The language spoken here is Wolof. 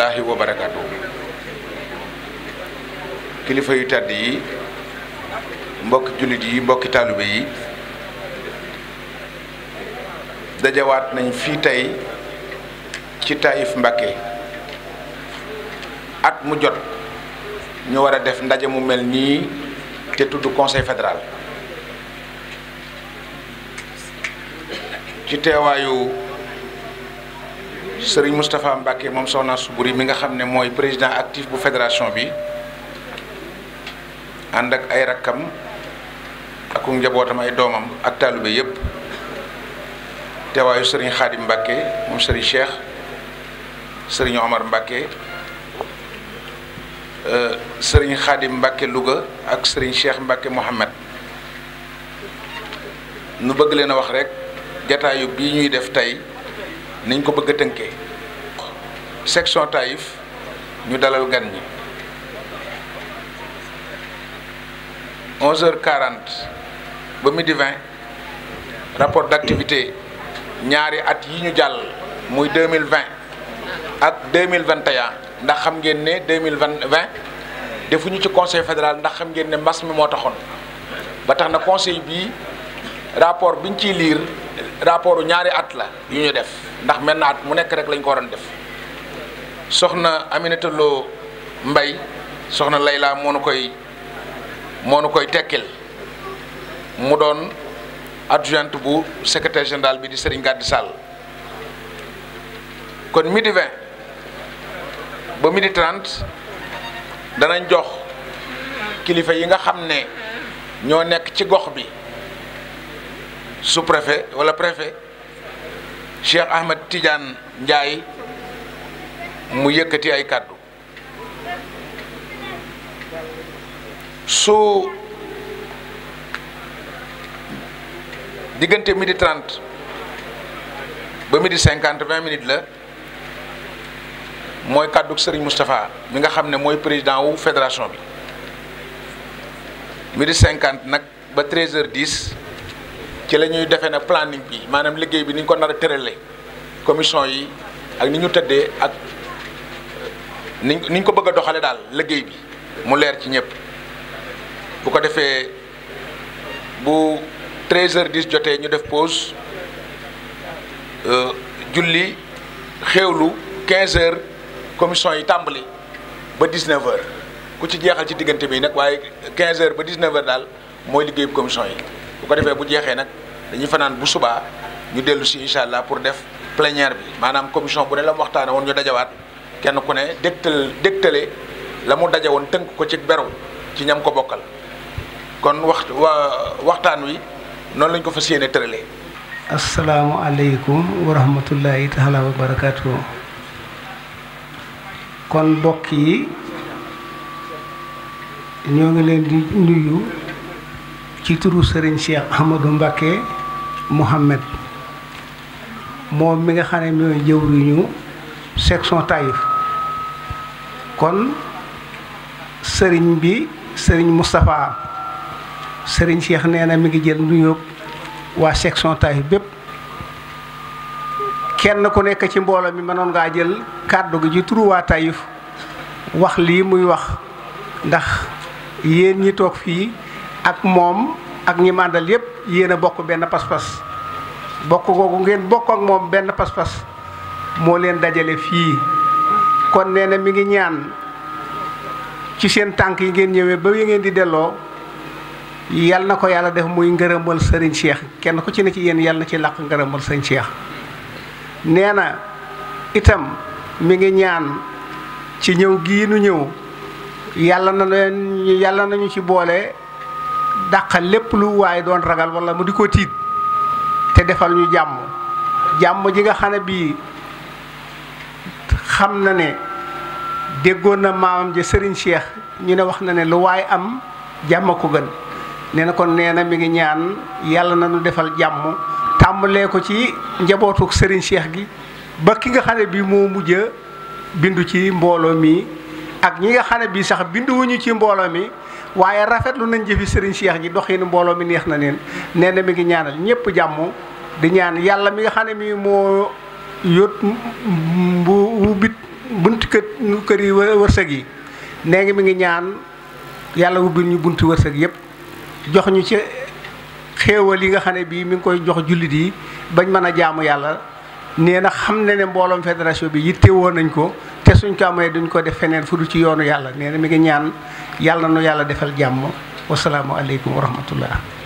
rahmatullahi wa barakaatu kilifa yu tàdd yi mbokki jullit yi mbokki taalibe yi dajawaat nañ fii tey ci Taïf Mbacké at mu jot ñu war a def ndaje mu mel nii te tudd conseil fédéral ci teewaayu Serigne Moustapha Mbacke moom Soxna Suburi mi nga xam ne mooy président actif bu fédération bi ànd ak ay rakkam ak njabootam ay doomam ak taalibe yépp teewaayu sëriñ Khadim Mbacke moom Serigne Cheikh Serigne Omar Mbacke euh, sëriñ Khadim Mbacke Louga ak Serigne Cheikh Mbacke Mohamed nu bëgg leen a wax rek jataayu bi ñuy def tey. niñ ko bëgg a tënkee section Taïf ñu dalal gan ñi 11h40 ba midi 20 rapport d'activité ñaari at yi ñu jàll muy 2020 ak 2021 ndax xam ngeen ne 2020 defuñu ci conseil fédéral ndax xam ngeen ne mbas mi moo taxoon ba tax na conseil bii. rapport bi ñu ciy liir rapport ñaari at la yu ñu def ndax menn at mu nekk rek lañ ko waroon def soxna Aminata Lo Mbay soxna Layla moo nu koy moo nu koy tekkil mu doon adjointe bu secretaire général bi di Serigne Gàdd Sall kon midi 20 ba midi danañ jox kilifa yi nga xam ne ñoo nekk ci gox bi su préfet wala préfet Cheikh Ahmed Tidiane njaay mu yëkkati ay kàddu su diggante midi 30 ba midi 50 20 minutes la mooy kàddu Serigne Moustapha mi nga xam ne mooy président wu fédération bi midi cinquante nag ba 13h10. ci la ñuy defee ne planning bi maanaam liggéey bi ni ñu ko nar a tëralee commission yi ak ni ñu tëddee ak ni ñu ni ñu ko bëgg a doxalee daal liggéey bi mu leer ci ñëpp bu ko defee bu 13h10 jotee ñu def pause euh, julli xéewlu 15h commission yi tàmbali ba 19h ku ci jeexal ci diggante bi nag waaye 15h ba 19h daal mooy liggéeyu commission yi. bu ko defee bu jeexee nag dañuy fanaan bu subaa ñu dellu si incha allah pour def plénière bi maanaam commission bu ne la mu waxtaane woon ñu dajawaat kenn ku ne dégtal dégtale la mu daje woon tënk ko ci beru ci ñam ko bokkal kon waxtu waxtaan wi noonu lañ ko fas yéene tëralee. asalaamualeykum wa rahmatullahi taala wa barakaatu. kon mbokk yi ñoo ngi leen di nuyu. ci turu Serigne Cheikh Ahmadou Mbacké Mohamed moom mi nga xam ne mooy jëwriñu section Taïf kon sëriñ bi sëriñ Moustapha sëriñ Cheikh neena mi ngi jël nuyoo waa section Taïf bépp kenn ku nekk ci mbooloo mi mënoon ngaa jël kàddu gi ci turu waa Taïf wax lii muy wax ndax yéen ñi toog fii. ak moom ak ñi màndal yépp yéen bokk benn pas-pas bokk googu ngeen bokk ak moom benn pas-pas moo leen dajale fii kon nee na mi ngi ñaan ci seen tànk yi ngeen ñëwee ba yi ngeen di delloo yal na ko yàlla def muy ngërëmal sëriñ Cheikh kenn ku ci ne ci yéen yal na ci làq ngërëmal sëriñ Cheikh nee na itam mi ngi ñaan ci ñëw gii nu ñëw yàlla na leen yàlla nañu ci boole dàqal lépp lu waaye doon ragal wala mu di ko tiit te defal ñu jàmm jàmm ji nga xane bii xam na ne déggoon na maamam ja sëriñ Cheikh ñu ne wax na ne lu waaye am jàmm ko gën nee na kon nee na mi ngi ñaan yàlla na nu defal jàmm tàmbalee ko ci njabootuk sëriñ Cheikh gi ba ki nga xam ne bii moo mujj bindu ci mbooloo mi ak ñi nga xane bii sax binduwuñu ci mbooloo mi waaye rafetlu nañ jëfi sëriñ Cheikh ji doxinu mbooloo mi neex na leen nee na mi ngi ñaanal ñëpp jàmm di ñaan yàlla mi nga xam ne mii moo yót bu wubbit bunti kër kër yi wërsëg yi nee ngi mi ngi ñaan yàlla wubbil ñu bunti wërsëg yëpp jox ñu ci xéewal yi nga xam ne bii mi ngi koy jox jullit yi bañ mën a jaamu yàlla nee na xam ne ne mbooloom fédération bi yittewoo nañ ko te suñ ko amee duñ ko def feneen fu ci yoonu yàlla nee na mi ngi ñaan yàlla na yàlla defal jàmm wasalaamualeykum wa rahmatullah